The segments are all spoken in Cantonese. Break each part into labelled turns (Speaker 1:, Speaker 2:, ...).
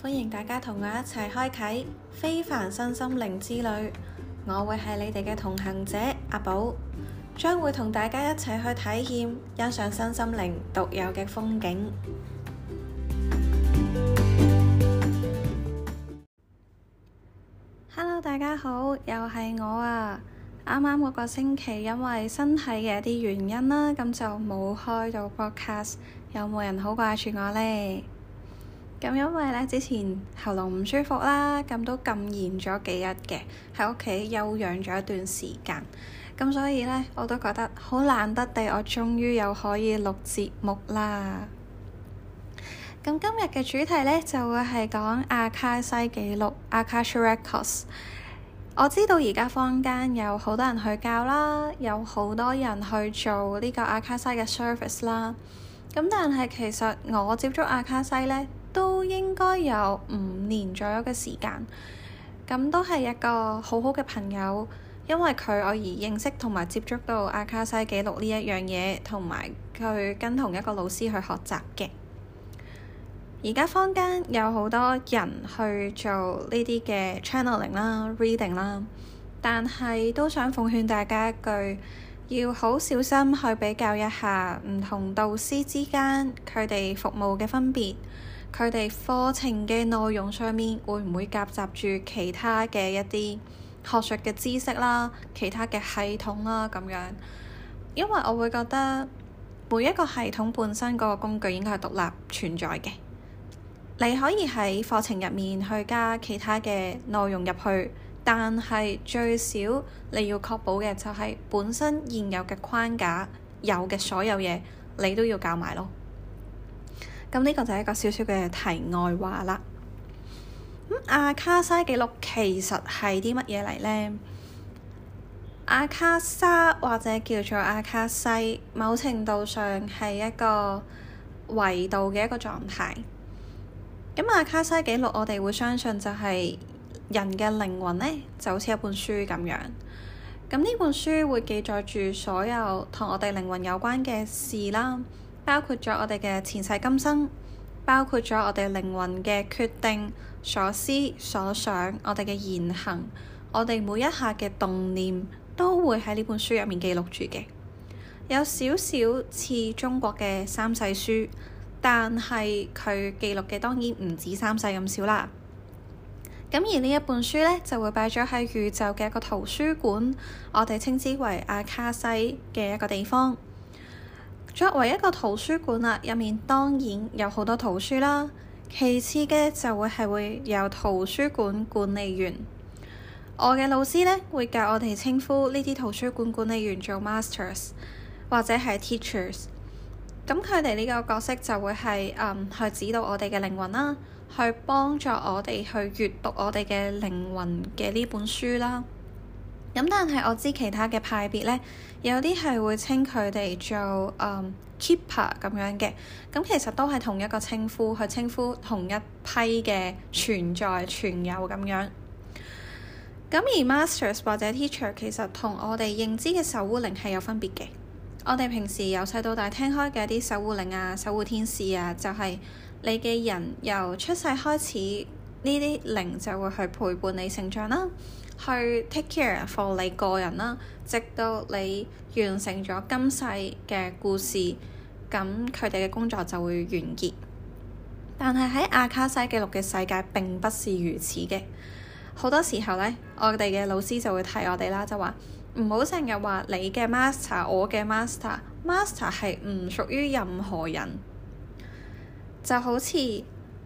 Speaker 1: 歡迎大家同我一齊開啟非凡身心靈之旅，我會係你哋嘅同行者阿寶，將會同大家一齊去體驗欣賞身心靈獨有嘅風景。Hello，大家好，又係我啊！啱啱嗰個星期因為身體嘅一啲原因啦，咁就冇開到 broadcast，有冇人好掛住我呢？咁因為咧，之前喉嚨唔舒服啦，咁都禁言咗幾日嘅，喺屋企休養咗一段時間。咁所以咧，我都覺得好難得地，我終於又可以錄節目啦。咁今日嘅主題咧，就會係講阿卡西紀錄 （Akashic Records）。我知道而家坊間有好多人去教啦，有好多人去做呢個阿卡西嘅 service 啦。咁但係其實我接觸阿卡西咧，都應該有五年左右嘅時間，咁都係一個好好嘅朋友，因為佢我而認識同埋接觸到阿卡西紀錄呢一樣嘢，同埋佢跟同一個老師去學習嘅。而家坊間有好多人去做呢啲嘅 channeling 啦、reading 啦，但係都想奉勸大家一句，要好小心去比較一下唔同導師之間佢哋服務嘅分別。佢哋課程嘅內容上面會唔會夾雜住其他嘅一啲學術嘅知識啦，其他嘅系統啦咁樣？因為我會覺得每一個系統本身嗰個工具應該係獨立存在嘅。你可以喺課程入面去加其他嘅內容入去，但係最少你要確保嘅就係本身現有嘅框架，有嘅所有嘢，你都要教埋咯。咁呢個就係一個少少嘅題外話啦。咁阿卡西記錄其實係啲乜嘢嚟呢？阿卡莎，或者叫做阿卡西，某程度上係一個維度嘅一個狀態。咁阿卡西記錄，我哋會相信就係人嘅靈魂呢，就好似一本書咁樣。咁呢本書會記載住所有同我哋靈魂有關嘅事啦。包括咗我哋嘅前世今生，包括咗我哋靈魂嘅決定、所思所想、我哋嘅言行，我哋每一下嘅動念都會喺呢本書入面記錄住嘅。有少少似中國嘅三世書，但係佢記錄嘅當然唔止三世咁少啦。咁而呢一本書咧，就會擺咗喺宇宙嘅一個圖書館，我哋稱之為阿卡西嘅一個地方。作為一個圖書館啦，入面當然有好多圖書啦。其次嘅就會係會有圖書館管理員。我嘅老師咧會教我哋稱呼呢啲圖書館管理員做 masters 或者係 teachers。咁佢哋呢個角色就會係嗯，um，去指導我哋嘅靈魂啦，去幫助我哋去閱讀我哋嘅靈魂嘅呢本書啦。咁但係我知其他嘅派別呢，有啲係會稱佢哋做、um, keeper 咁樣嘅，咁其實都係同一個稱呼去稱呼同一批嘅存在存有咁樣。咁而 masters 或者 teacher 其實同我哋認知嘅守護靈係有分別嘅。我哋平時由細到大聽開嘅一啲守護靈啊、守護天使啊，就係、是、你嘅人由出世開始，呢啲靈就會去陪伴你成長啦。去 take care for 你個人啦，直到你完成咗今世嘅故事，咁佢哋嘅工作就會完結。但係喺阿卡西記錄嘅世界並不是如此嘅，好多時候呢，我哋嘅老師就會提我哋啦，就話唔好成日話你嘅 master，我嘅 master，master 係唔屬於任何人，就好似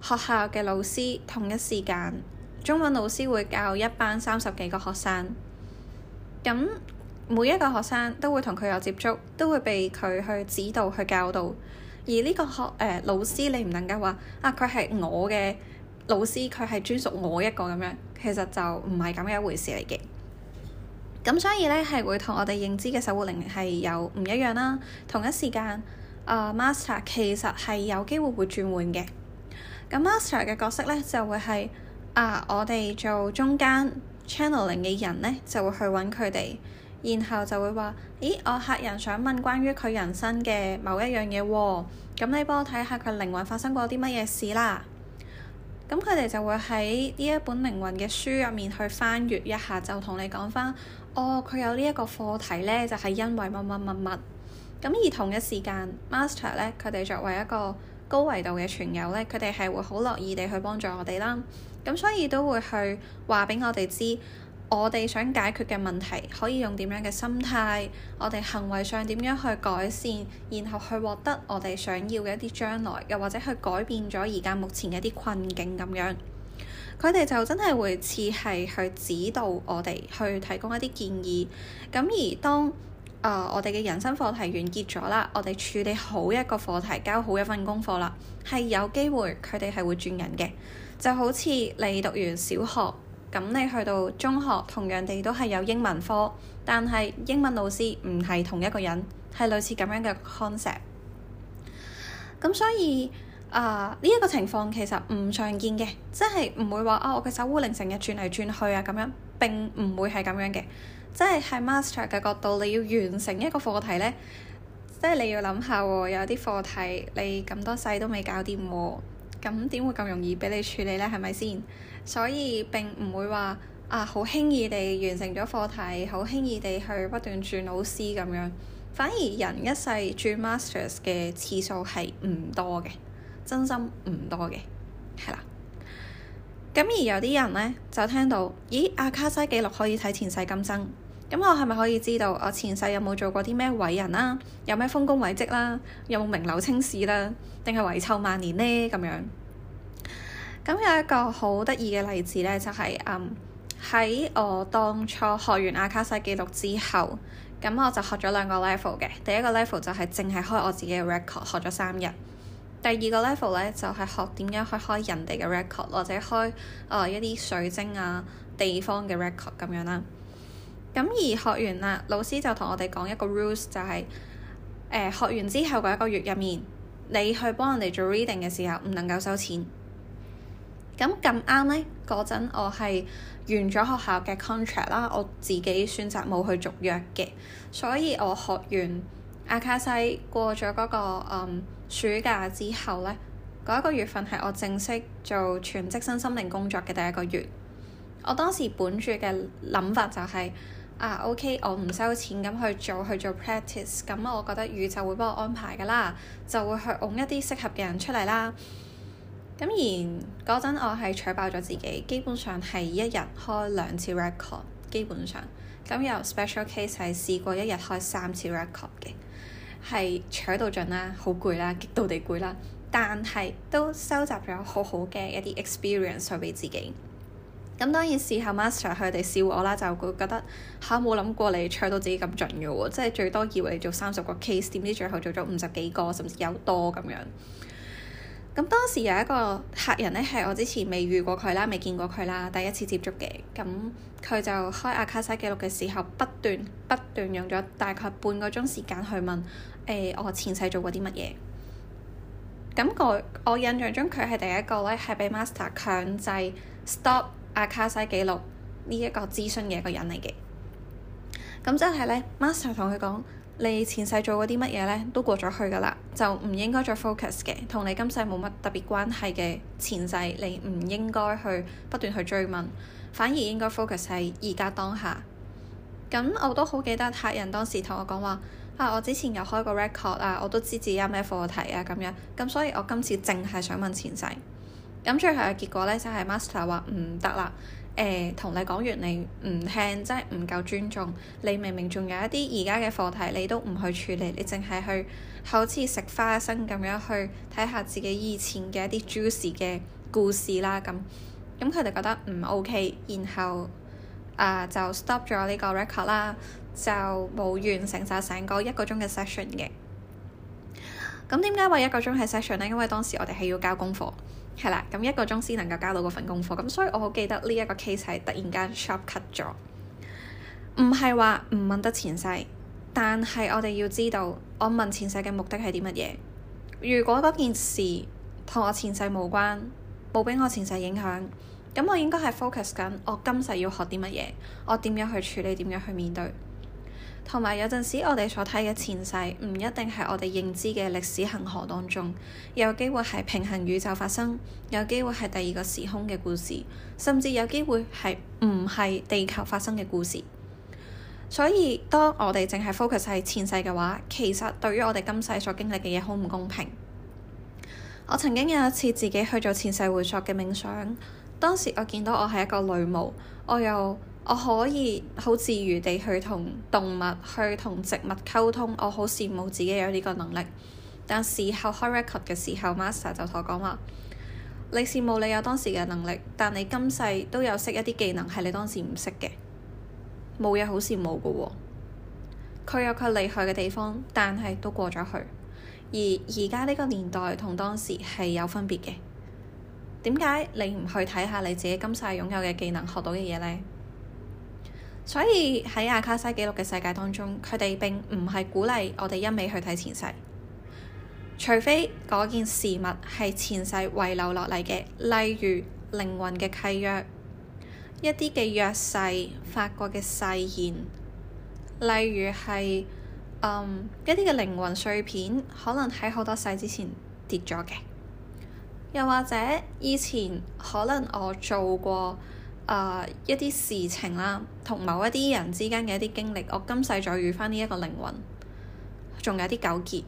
Speaker 1: 學校嘅老師同一時間。中文老師會教一班三十幾個學生，咁每一個學生都會同佢有接觸，都會被佢去指導去教導。而呢個學誒、呃、老師，你唔能夠話啊，佢係我嘅老師，佢係專屬我一個咁樣。其實就唔係咁嘅一回事嚟嘅。咁所以呢，係會同我哋認知嘅守護靈係有唔一樣啦。同一時間、呃，Master 其實係有機會會轉換嘅。咁 Master 嘅角色呢，就會係。啊！我哋做中間 channeling 嘅人呢，就會去揾佢哋，然後就會話：咦，我客人想問關於佢人生嘅某一樣嘢喎，咁你幫我睇下佢靈魂發生過啲乜嘢事啦。咁佢哋就會喺呢一本靈魂嘅書入面去翻閱一下，就同你講翻：哦，佢有呢一個課題呢，就係因為乜乜乜乜。咁而同一時間，Master 呢，佢哋作為一個高維度嘅傳友呢，佢哋係會好樂意地去幫助我哋啦。咁所以都會去話俾我哋知，我哋想解決嘅問題可以用點樣嘅心態，我哋行為上點樣去改善，然後去獲得我哋想要嘅一啲將來，又或者去改變咗而家目前嘅一啲困境咁樣。佢哋就真係會似係去指導我哋去提供一啲建議。咁而當，呃，我哋嘅人生課題完結咗啦，我哋處理好一個課題，交好一份功課啦，係有機會佢哋係會轉人嘅。就好似你讀完小學，咁你去到中學，同樣地都係有英文科，但係英文老師唔係同一個人，係類似咁樣嘅 concept。咁所以、呃這個哦、轉轉啊，呢一個情況其實唔常見嘅，即係唔會話啊我嘅守護靈成日轉嚟轉去啊咁樣，並唔會係咁樣嘅。即係喺 master 嘅角度，你要完成一個課題呢，即係你要諗下喎，有啲課題你咁多世都未搞掂喎、啊。咁點會咁容易畀你處理呢？係咪先？所以並唔會話啊，好輕易地完成咗課題，好輕易地去不斷轉老師咁樣。反而人一世轉 masters 嘅次數係唔多嘅，真心唔多嘅，係啦。咁而有啲人呢，就聽到，咦？阿卡西紀錄可以睇前世今生。咁我係咪可以知道我前世有冇做過啲咩偉人啦、啊？有咩豐功偉績啦、啊？有冇名留青史啦、啊？定係遺臭萬年呢？咁樣？咁有一個好得意嘅例子呢，就係、是、嗯喺我當初學完阿卡西紀錄之後，咁我就學咗兩個 level 嘅。第一個 level 就係淨係開我自己嘅 record，學咗三日。第二個 level 呢，就係、是、學點樣去開人哋嘅 record，或者開、呃、一啲水晶啊地方嘅 record 咁樣啦。咁而學完啦，老師就同我哋講一個 rules 就係、是、誒、呃、學完之後嘅一個月入面，你去幫人哋做 reading 嘅時候唔能夠收錢。咁咁啱呢，嗰陣我係完咗學校嘅 contract 啦，我自己選擇冇去續約嘅，所以我學完阿卡西過咗嗰、那個、嗯、暑假之後呢，嗰、那、一個月份係我正式做全職身心靈工作嘅第一個月。我當時本住嘅諗法就係、是。啊，OK，我唔收錢咁去做去做 practice，咁我覺得宇宙會幫我安排㗎啦，就會去揾一啲適合嘅人出嚟啦。咁然嗰陣我係取爆咗自己，基本上係一日開兩次 record，基本上。咁有 special case 係試過一日開三次 record 嘅，係取到盡啦，好攰啦，極度地攰啦，但係都收集咗好好嘅一啲 experience 畀自己。咁當然事後，時候 master 佢哋笑我啦，就會覺得吓冇諗過你唱到自己咁準嘅喎，即係最多以為你做三十個 case，點知最後做咗五十幾個，甚至有多咁樣。咁當時有一個客人呢，係我之前未遇過佢啦，未見過佢啦，第一次接觸嘅。咁佢就開阿卡西 o u 記錄嘅時候，不斷不斷用咗大概半個鐘時，時間去問誒、欸、我前世做過啲乜嘢。咁我我印象中佢係第一個呢，係被 master 強制 stop。阿卡西記錄呢一個諮詢嘅一個人嚟嘅，咁即係呢 master 同佢講：你前世做過啲乜嘢呢？都過咗去㗎啦，就唔應該再 focus 嘅，同你今世冇乜特別關係嘅前世，你唔應該去不斷去追問，反而應該 focus 喺而家當下。咁我都好記得客人當時同我講話：啊，我之前有開過 record 啊，我都知自己有咩課題啊，咁樣，咁所以我今次淨係想問前世。咁最後嘅結果呢，就係、是、master 話唔得啦。誒、呃，同你講完你唔聽，真係唔夠尊重。你明明仲有一啲而家嘅課題，你都唔去處理，你淨係去好似食花生咁樣去睇下自己以前嘅一啲 juicy 嘅故事啦。咁咁佢哋覺得唔 ok，然後啊、呃、就 stop 咗呢個 record 啦，就冇完成晒成個一個鐘嘅 session 嘅。咁點解話一個鐘係 session 呢？因為當時我哋係要交功課。係啦，咁一個鐘先能夠交到嗰份功課，咁所以我好記得呢一個 case 係突然間 short cut 咗，唔係話唔問得前世，但係我哋要知道，我問前世嘅目的係啲乜嘢？如果嗰件事同我前世無關，冇畀我前世影響，咁我應該係 focus 緊我今世要學啲乜嘢，我點樣去處理，點樣去面對。同埋有陣時，我哋所睇嘅前世唔一定係我哋認知嘅歷史恒河當中，有機會係平行宇宙發生，有機會係第二個時空嘅故事，甚至有機會係唔係地球發生嘅故事。所以，當我哋淨係 focus 喺前世嘅話，其實對於我哋今世所經歷嘅嘢好唔公平。我曾經有一次自己去做前世回溯嘅冥想，當時我見到我係一個女巫，我又。我可以好自如地去同動物、去同植物溝通，我好羨慕自己有呢個能力。但事後開 record 嘅時候 m a s t e r 就同我講話：你羨慕你有當時嘅能力，但你今世都有識一啲技能係你當時唔識嘅，冇嘢好羨慕嘅喎。佢有佢厲害嘅地方，但係都過咗去。而而家呢個年代同當時係有分別嘅。點解你唔去睇下你自己今世擁有嘅技能、學到嘅嘢咧？所以喺阿卡西記錄嘅世界當中，佢哋並唔係鼓勵我哋一味去睇前世，除非嗰件事物係前世遺留落嚟嘅，例如靈魂嘅契約，一啲嘅約誓、發過嘅誓言，例如係、嗯、一啲嘅靈魂碎片，可能喺好多世之前跌咗嘅，又或者以前可能我做過。啊，uh, 一啲事情啦，同某一啲人之間嘅一啲經歷，我今世再遇返呢一個靈魂，仲有啲糾結，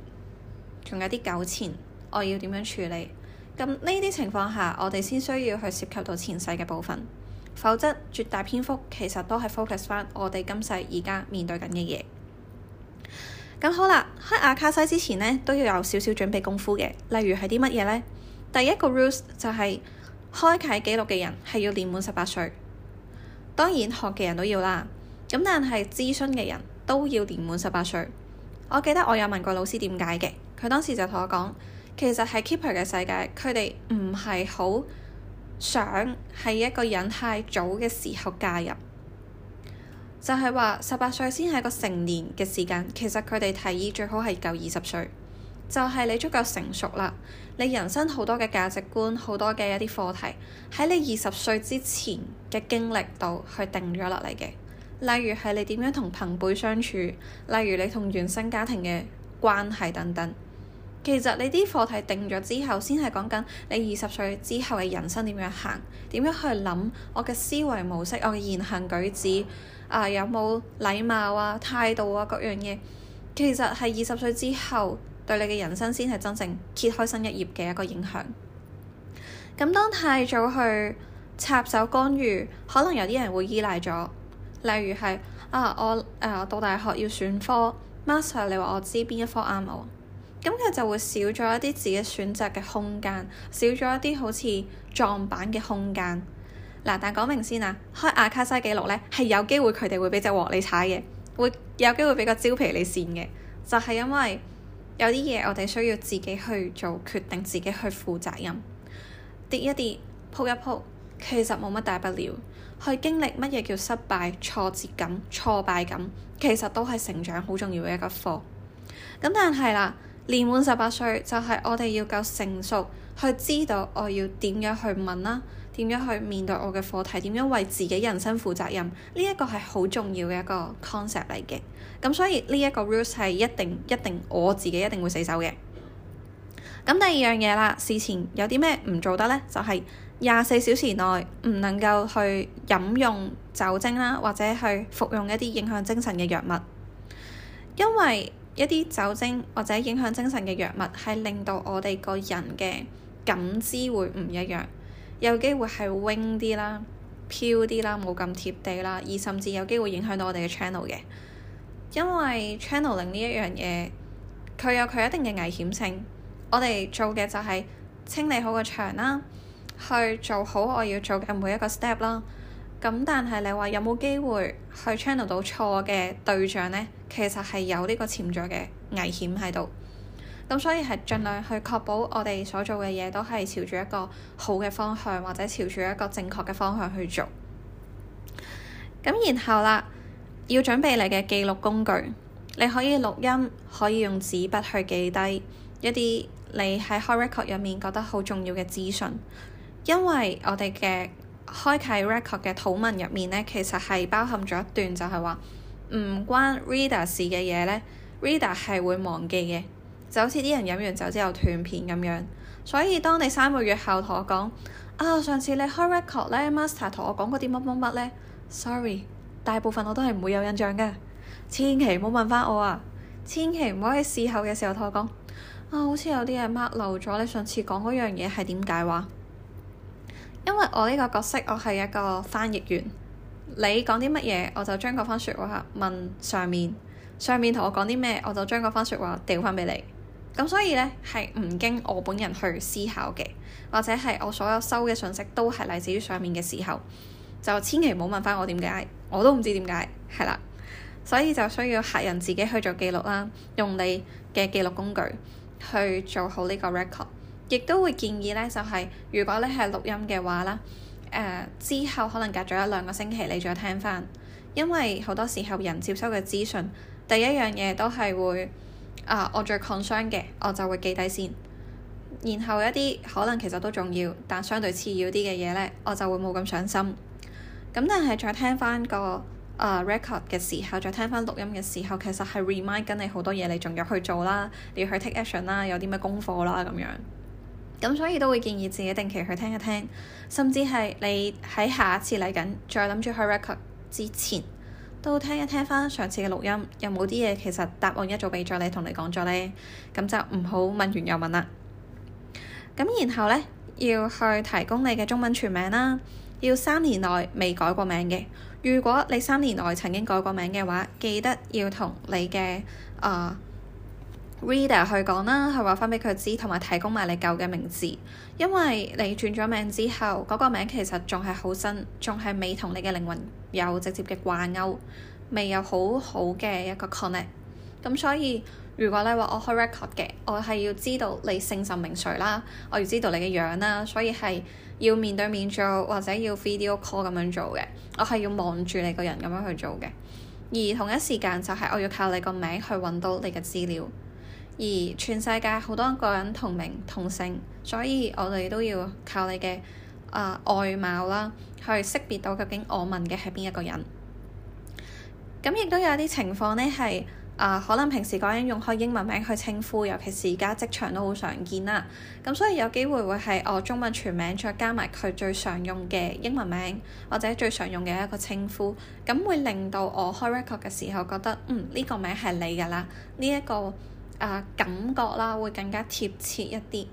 Speaker 1: 仲有啲糾纏，我要點樣處理？咁呢啲情況下，我哋先需要去涉及到前世嘅部分，否則絕大篇幅其實都係 focus 返我哋今世而家面對緊嘅嘢。咁好啦，開阿卡西之前呢，都要有少少準備功夫嘅，例如係啲乜嘢呢？第一個 rules 就係、是。開啟記錄嘅人係要年滿十八歲，當然學嘅人都要啦。咁但係諮詢嘅人都要年滿十八歲。我記得我有問過老師點解嘅，佢當時就同我講，其實喺 keeper 嘅世界，佢哋唔係好想喺一個人太早嘅時候加入，就係話十八歲先係個成年嘅時間。其實佢哋提議最好係夠二十歲。就係你足夠成熟啦。你人生好多嘅價值觀，好多嘅一啲課題，喺你二十歲之前嘅經歷度去定咗落嚟嘅。例如係你點樣同朋輩相處，例如你同原生家庭嘅關係等等。其實你啲課題定咗之後，先係講緊你二十歲之後嘅人生點樣行，點樣去諗我嘅思維模式，我嘅言行舉止啊，有冇禮貌啊、態度啊、各樣嘢。其實係二十歲之後。對你嘅人生先係真正揭開新一頁嘅一個影響。咁當太早去插手干預，可能有啲人會依賴咗，例如係啊，我誒、呃、到大學要選科 master，你話我知邊一科啱我，咁佢就會少咗一啲自己選擇嘅空間，少咗一啲好似撞板嘅空間嗱。但講明先啊，開阿卡西紀錄咧係有機會佢哋會畀隻鑊你踩嘅，會有機會畀個蕉皮你扇嘅，就係、是、因為。有啲嘢我哋需要自己去做決定，自己去負責任。跌一跌，撲一撲，其實冇乜大不了。去經歷乜嘢叫失敗、挫折感、挫敗感，其實都係成長好重要嘅一個課。咁、嗯、但係啦。年滿十八歲就係我哋要夠成熟，去知道我要點樣去問啦，點樣去面對我嘅課題，點樣為自己人生負責任，呢一個係好重要嘅一個 concept 嚟嘅。咁所以呢一個 rules 係一定一定我自己一定會死守嘅。咁第二樣嘢啦，事前有啲咩唔做得呢？就係廿四小時內唔能夠去飲用酒精啦，或者去服用一啲影響精神嘅藥物，因為。一啲酒精或者影響精神嘅藥物，係令到我哋個人嘅感知會唔一樣，有機會係 wing 啲啦、飄啲啦、冇咁貼地啦，而甚至有機會影響到我哋嘅 channel 嘅。因為 channeling 呢一樣嘢，佢有佢一定嘅危險性。我哋做嘅就係清理好個場啦，去做好我要做嘅每一個 step 啦。咁但係你話有冇機會去 channel 到錯嘅對象呢？其實係有呢個潛在嘅危險喺度，咁所以係盡量去確保我哋所做嘅嘢都係朝住一個好嘅方向，或者朝住一個正確嘅方向去做。咁然後啦，要準備你嘅記錄工具，你可以錄音，可以用紙筆去記低一啲你喺開 record 入面覺得好重要嘅資訊，因為我哋嘅開啟 record 嘅討論入面呢，其實係包含咗一段就係話唔關 reader 事嘅嘢呢 reader 係會忘記嘅，就好似啲人飲完酒之後斷片咁樣。所以當你三個月後同我講，啊上次你開 record 呢 master 同我講過啲乜乜乜呢 sorry 大部分我都係唔會有印象嘅，千祈唔好問翻我啊，千祈唔好喺事後嘅時候同我講，啊好似有啲嘢 mark 漏咗，你上次講嗰樣嘢係點解話？因為我呢個角色，我係一個翻譯員。你講啲乜嘢，我就將嗰番説話問上面。上面同我講啲咩，我就將嗰番説話調翻俾你。咁所以呢，係唔經我本人去思考嘅，或者係我所有收嘅信息都係嚟自於上面嘅時候，就千祈唔好問翻我點解，我都唔知點解，係啦。所以就需要客人自己去做記錄啦，用你嘅記錄工具去做好呢個 record。亦都會建議呢，就係、是、如果你係錄音嘅話啦，誒、呃、之後可能隔咗一兩個星期你再聽翻，因為好多時候人接收嘅資訊第一樣嘢都係會啊、呃，我最 concern 嘅，我就會記低先。然後一啲可能其實都重要，但相對次要啲嘅嘢呢，我就會冇咁上心。咁但係再聽翻個、呃、record 嘅時候，再聽翻錄音嘅時候，其實係 remind 緊你好多嘢，你仲要去做啦，你要去 take action 啦，有啲咩功課啦，咁樣。咁所以都會建議自己定期去聽一聽，甚至係你喺下一次嚟緊再諗住去 record 之前，都聽一聽翻上次嘅錄音，有冇啲嘢其實答案一早畀咗你，同你講咗咧，咁就唔好問完又問啦。咁然後咧，要去提供你嘅中文全名啦，要三年內未改過名嘅。如果你三年內曾經改過名嘅話，記得要同你嘅啊，呃 Reader 去講啦，去話翻俾佢知，同埋提供埋你舊嘅名字，因為你轉咗名之後，嗰個名其實仲係好新，仲係未同你嘅靈魂有直接嘅掛鈎，未有好好嘅一個 connect。咁所以，如果你話我開 record 嘅，我係要知道你姓甚名誰啦，我要知道你嘅樣啦，所以係要面對面做或者要 video call 咁樣做嘅，我係要望住你個人咁樣去做嘅。而同一時間就係我要靠你個名去揾到你嘅資料。而全世界好多個人同名同姓，所以我哋都要靠你嘅啊、呃、外貌啦，去識別到究竟我問嘅係邊一個人。咁亦都有啲情況呢，係啊、呃，可能平時嗰個人用開英文名去稱呼，尤其是而家職場都好常見啦。咁所以有機會會係我中文全名，再加埋佢最常用嘅英文名，或者最常用嘅一個稱呼，咁會令到我開 record 嘅時候覺得嗯，呢個名係你㗎啦，呢一個。啊、uh, 感覺啦，會更加貼切一啲，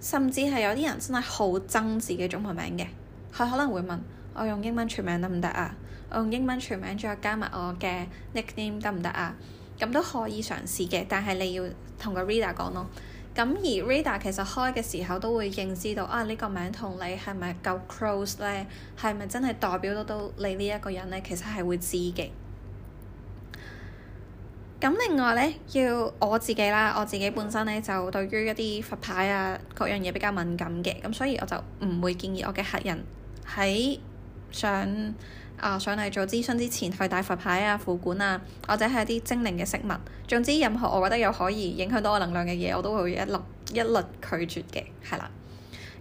Speaker 1: 甚至係有啲人真係好憎自己中文名嘅，佢可能會問我用英文全名得唔得啊？我用英文全名再加埋我嘅 nickname 得唔得啊？咁都可以嘗試嘅，但係你要同個 reader 講咯。咁而 reader 其實開嘅時候都會認知到啊呢、呢個名同你係咪夠 close 咧？係咪真係代表得到你呢一個人咧？其實係會知嘅。咁另外咧，要我自己啦，我自己本身咧就對於一啲佛牌啊，各樣嘢比較敏感嘅，咁所以我就唔會建議我嘅客人喺、啊、上啊上嚟做諮詢之前去帶佛牌啊、符管啊，或者係一啲精靈嘅飾物，總之任何我覺得有可以影響到我能量嘅嘢，我都會一律一律拒絕嘅，係啦。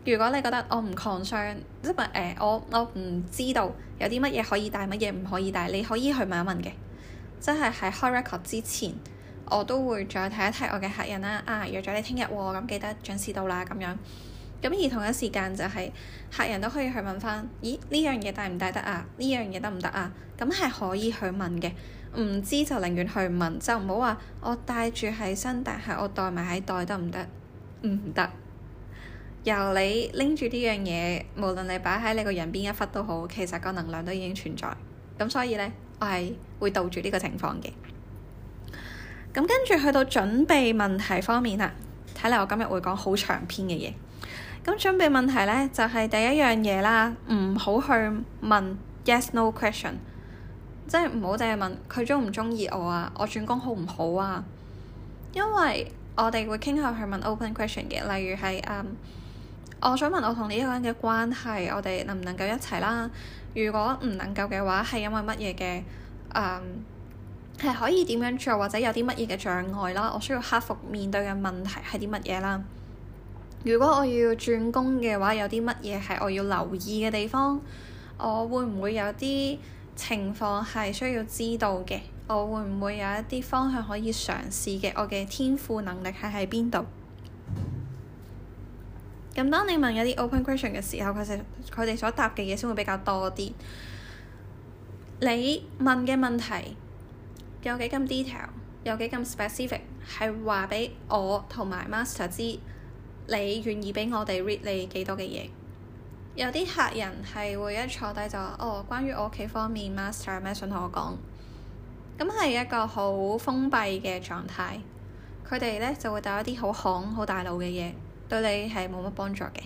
Speaker 1: 如果你覺得我唔抗傷，即係咪、呃、我我唔知道有啲乜嘢可以帶，乜嘢唔可以帶，你可以去問一問嘅。真係喺開 record 之前，我都會再睇一睇我嘅客人啦、啊。啊，約咗你聽日喎，咁記得準時到啦。咁樣咁而同一時間就係、是、客人都可以去問翻，咦呢樣嘢帶唔帶得啊？呢樣嘢得唔得啊？咁係可以去問嘅，唔知就寧願去問，就唔好話我帶住喺身，但係我袋埋喺袋得唔得？唔得。由你拎住呢樣嘢，無論你擺喺你個人邊一忽都好，其實個能量都已經存在。咁所以呢。係會導住呢個情況嘅。咁跟住去到準備問題方面啊，睇嚟我今日會講好長篇嘅嘢。咁準備問題呢，就係、是、第一樣嘢啦，唔好去問 yes no question，即係唔好凈係問佢中唔中意我啊？我轉工好唔好啊？因為我哋會傾向去問 open question 嘅，例如係嗯，um, 我想問我同你一個人嘅關係，我哋能唔能夠一齊啦？如果唔能夠嘅話，係因為乜嘢嘅？誒、嗯、係可以點樣做，或者有啲乜嘢嘅障礙啦？我需要克服面對嘅問題係啲乜嘢啦？如果我要轉工嘅話，有啲乜嘢係我要留意嘅地方？我會唔會有啲情況係需要知道嘅？我會唔會有一啲方向可以嘗試嘅？我嘅天賦能力係喺邊度？咁當你問一啲 open question 嘅時候，佢成佢哋所答嘅嘢先會比較多啲。你問嘅問題有幾咁 detail，有幾咁 specific，係話俾我同埋 master 知，你願意畀我哋 read 你幾多嘅嘢。有啲客人係會一坐低就話：哦，關於我屋企方面，master 有咩想同我講？咁係一個好封閉嘅狀態。佢哋咧就會答一啲好行、好大路嘅嘢。對你係冇乜幫助嘅，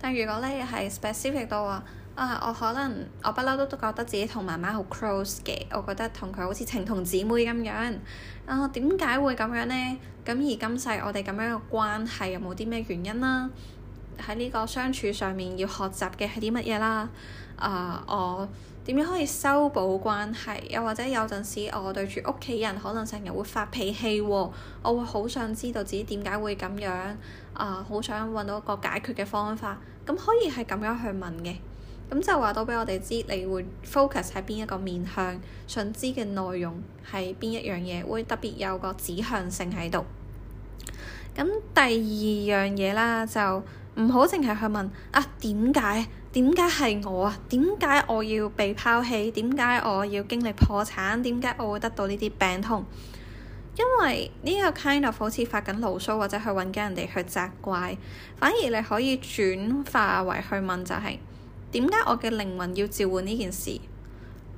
Speaker 1: 但如果你係 specific 到話，啊，我可能我不嬲都都覺得自己同媽媽好 close 嘅，我覺得同佢好似情同姊妹咁樣。啊，點解會咁樣呢？咁而今世我哋咁樣嘅關係有冇啲咩原因啦？喺呢個相處上面要學習嘅係啲乜嘢啦？啊，我，點樣可以修補關係？又或者有陣時，我對住屋企人，可能成日會發脾氣喎，我會好想知道自己點解會咁樣，啊、呃，好想揾到一個解決嘅方法。咁可以係咁樣去問嘅，咁就話到俾我哋知，你會 focus 喺邊一個面向，想知嘅內容係邊一樣嘢，會特別有個指向性喺度。咁第二樣嘢啦，就～唔好淨係去問啊，點解？點解係我啊？點解我要被拋棄？點解我要經歷破產？點解我會得到呢啲病痛？因為呢、這個 kind of 好似發緊牢騷，或者去揾緊人哋去責怪。反而你可以轉化為去問、就是，就係點解我嘅靈魂要召喚呢件事？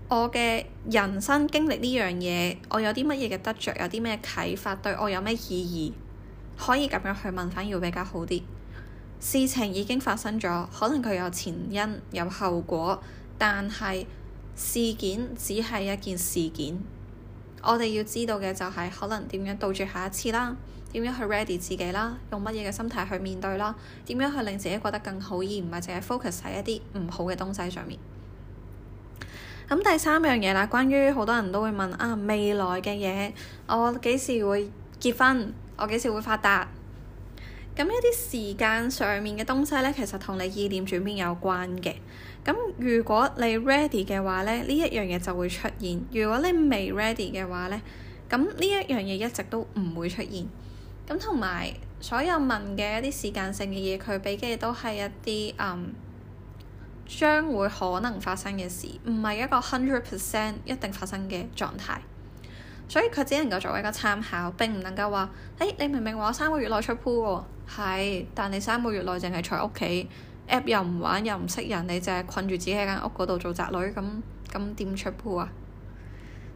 Speaker 1: 我嘅人生經歷呢樣嘢，我有啲乜嘢嘅得着，有啲咩啟發，對我有咩意義？可以咁樣去問，反而會比較好啲。事情已經發生咗，可能佢有前因有後果，但係事件只係一件事件。我哋要知道嘅就係可能點樣杜絕下一次啦，點樣去 ready 自己啦，用乜嘢嘅心態去面對啦，點樣去令自己覺得更好，而唔係淨係 focus 喺一啲唔好嘅東西上面。咁第三樣嘢啦，關於好多人都會問啊，未來嘅嘢，我幾時會結婚，我幾時會發達？咁一啲時間上面嘅東西咧，其實同你意念轉變有關嘅。咁如果你 ready 嘅話咧，呢一樣嘢就會出現；如果你未 ready 嘅話咧，咁呢一樣嘢一直都唔會出現。咁同埋所有問嘅一啲時間性嘅嘢，佢畀嘅都係一啲嗯、um，將會可能發生嘅事，唔係一個 hundred percent 一定發生嘅狀態。所以佢只能夠作為一個參考，並唔能夠話，誒、欸、你明明話三個月內出 pool 喎，係，但你三個月內淨係喺屋企，app 又唔玩又唔識人，你淨係困住自己喺間屋嗰度做宅女，咁咁點出 pool 啊？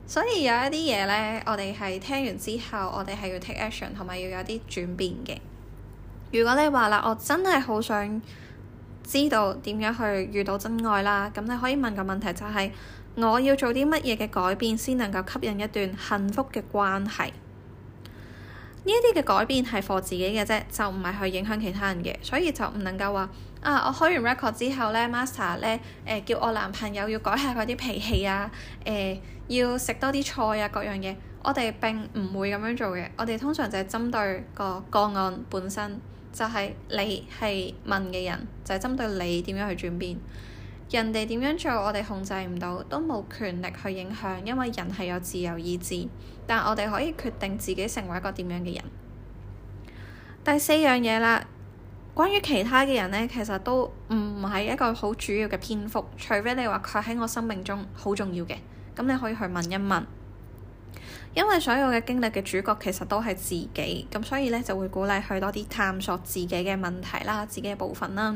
Speaker 1: 所以有一啲嘢呢，我哋係聽完之後，我哋係要 take action 同埋要有啲轉變嘅。如果你話啦，我真係好想知道點樣去遇到真愛啦，咁你可以問個問題就係、是。我要做啲乜嘢嘅改變先能夠吸引一段幸福嘅關係？呢一啲嘅改變係 for 自己嘅啫，就唔係去影響其他人嘅，所以就唔能夠話啊！我開完 record 之後咧，Master 咧誒、呃、叫我男朋友要改下佢啲脾氣啊，誒、呃、要食多啲菜啊，各樣嘢。我哋並唔會咁樣做嘅，我哋通常就係針對個個案本身，就係、是、你係問嘅人，就係、是、針對你點樣去轉變。人哋點樣做，我哋控制唔到，都冇權力去影響，因為人係有自由意志。但我哋可以決定自己成為一個點樣嘅人。第四樣嘢啦，關於其他嘅人呢，其實都唔係一個好主要嘅篇幅，除非你話佢喺我生命中好重要嘅，咁你可以去問一問。因為所有嘅經歷嘅主角其實都係自己，咁所以呢，就會鼓勵去多啲探索自己嘅問題啦，自己嘅部分啦。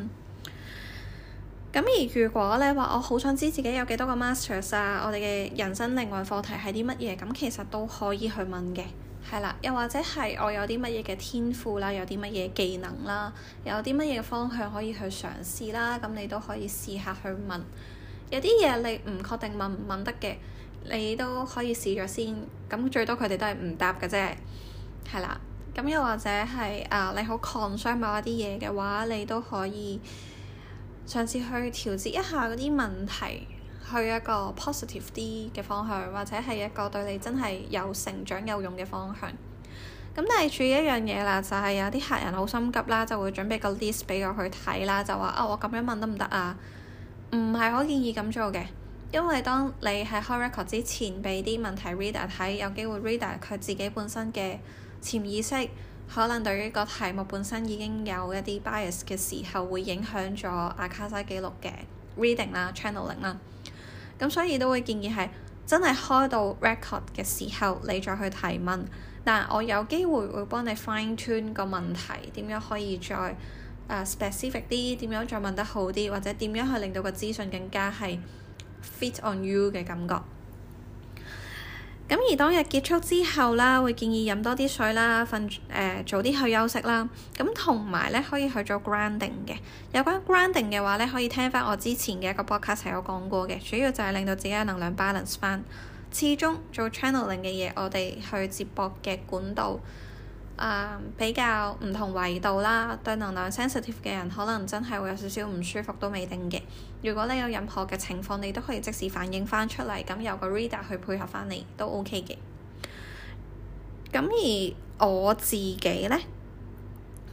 Speaker 1: 咁而如果你話，我好想知自己有幾多個 master 啊，我哋嘅人生靈魂課題係啲乜嘢？咁其實都可以去問嘅，係啦。又或者係我有啲乜嘢嘅天賦啦，有啲乜嘢技能啦，有啲乜嘢方向可以去嘗試啦，咁你都可以試下去問。有啲嘢你唔確定問唔問得嘅，你都可以試咗先。咁最多佢哋都係唔答嘅啫，係啦。咁又或者係啊，你好 concern 某一啲嘢嘅話，你都可以。上次去調節一下嗰啲問題，去一個 positive 啲嘅方向，或者係一個對你真係有成長有用嘅方向。咁但係注意一樣嘢啦，就係有啲客人好心急啦，就會準備個 list 俾我去睇啦，就話啊我咁樣問得唔得啊？唔係好建議咁做嘅，因為當你喺開 record 之前俾啲問題 reader 睇，有機會 reader 佢自己本身嘅潛意識。可能對於個題目本身已經有一啲 bias 嘅時候，會影響咗阿卡西記錄嘅 reading 啦、channeling 啦。咁所以都會建議係真係開到 record 嘅時候，你再去提問。但我有機會會幫你 fine tune 個問題，點樣可以再誒 specific 啲，點樣再問得好啲，或者點樣去令到個資訊更加係 fit on you 嘅感覺。咁而當日結束之後啦，會建議飲多啲水啦，瞓誒、呃、早啲去休息啦。咁同埋咧，可以去做 grounding 嘅。有關 grounding 嘅話咧，可以聽翻我之前嘅一個 podcast 係有講過嘅，主要就係令到自己嘅能量 balance 翻。始終做 channeling 嘅嘢，我哋去接駁嘅管道啊、呃，比較唔同維度啦，對能量 sensitive 嘅人，可能真係會有少少唔舒服都未定嘅。如果你有任何嘅情況，你都可以即時反映翻出嚟，咁有個 reader 去配合返你都 OK 嘅。咁而我自己咧，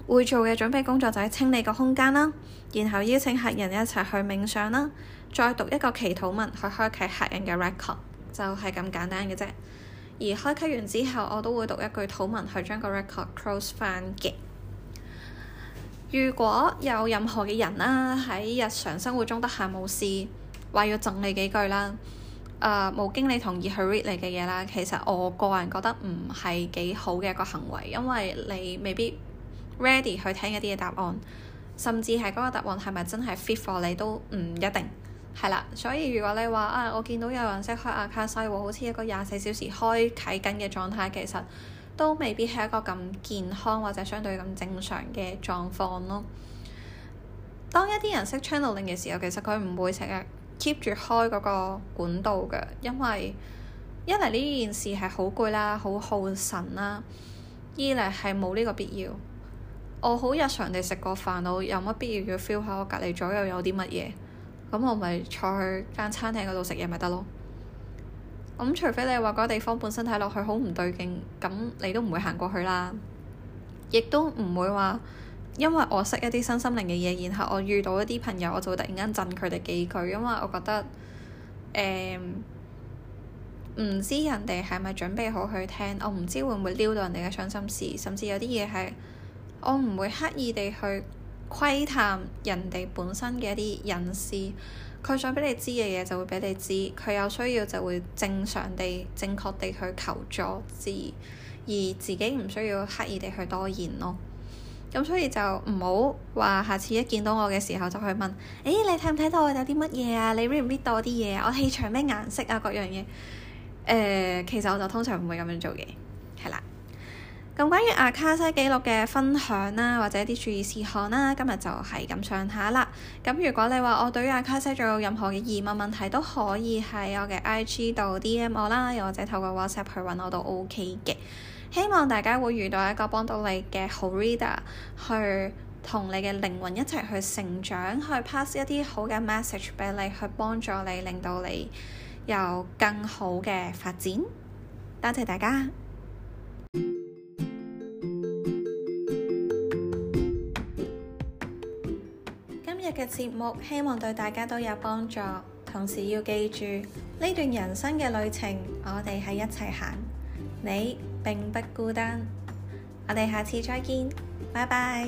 Speaker 1: 會做嘅準備工作就係清理個空間啦，然後邀請客人一齊去冥想啦，再讀一個祈禱文去開啟客人嘅 record，就係咁簡單嘅啫。而開啟完之後，我都會讀一句禱文去將個 record close 翻嘅。如果有任何嘅人啦、啊，喺日常生活中得閒冇事，話要贈你幾句啦，誒、呃、冇經你同意去 read 你嘅嘢啦，其實我個人覺得唔係幾好嘅一個行為，因為你未必 ready 去聽一啲嘅答案，甚至係嗰個答案係咪真係 fit for 你都唔一定，係啦，所以如果你話啊，我見到有人識開阿卡西喎，所以好似一個廿四小時開啟緊嘅狀態，其實～都未必係一個咁健康或者相對咁正常嘅狀況咯。當一啲人識 channeling 嘅時候，其實佢唔會成日 keep 住開嗰個管道嘅，因為一嚟呢件事係好攰啦，好耗神啦，二嚟係冇呢個必要。我好日常地食個飯，我有乜必要要 feel 下我隔離左右有啲乜嘢？咁我咪坐去間餐廳嗰度食嘢咪得咯。咁、嗯、除非你話嗰地方本身睇落去好唔對勁，咁你都唔會行過去啦。亦都唔會話，因為我識一啲身心靈嘅嘢，然後我遇到一啲朋友，我就會突然間震佢哋幾句，因為我覺得，誒、嗯，唔知人哋係咪準備好去聽，我唔知會唔會撩到人哋嘅傷心事，甚至有啲嘢係，我唔會刻意地去窺探人哋本身嘅一啲隱私。佢想畀你知嘅嘢就會畀你知，佢有需要就會正常地、正確地去求助之，而自己唔需要刻意地去多言咯。咁所以就唔好話下次一見到我嘅時候就去問，誒、欸、你睇唔睇到我有啲乜嘢啊？你 read 唔 read 到啲嘢？我氣場咩顏色啊？各樣嘢。誒、呃，其實我就通常唔會咁樣做嘅，係啦。咁關於阿卡西紀錄嘅分享啦，或者啲注意事項啦，今日就係咁上下啦。咁如果你話我對於阿卡西仲有任何嘅疑問問題，都可以喺我嘅 IG 度 DM 我啦，又或者透過 WhatsApp 去搵我都 OK 嘅。希望大家會遇到一個幫到你嘅好 reader，去同你嘅靈魂一齊去成長，去 pass 一啲好嘅 message 畀你，去幫助你，令到你有更好嘅發展。多謝大家！嘅節目，希望對大家都有幫助。同時要記住，呢段人生嘅旅程，我哋係一齊行，你並不孤單。我哋下次再見，拜拜。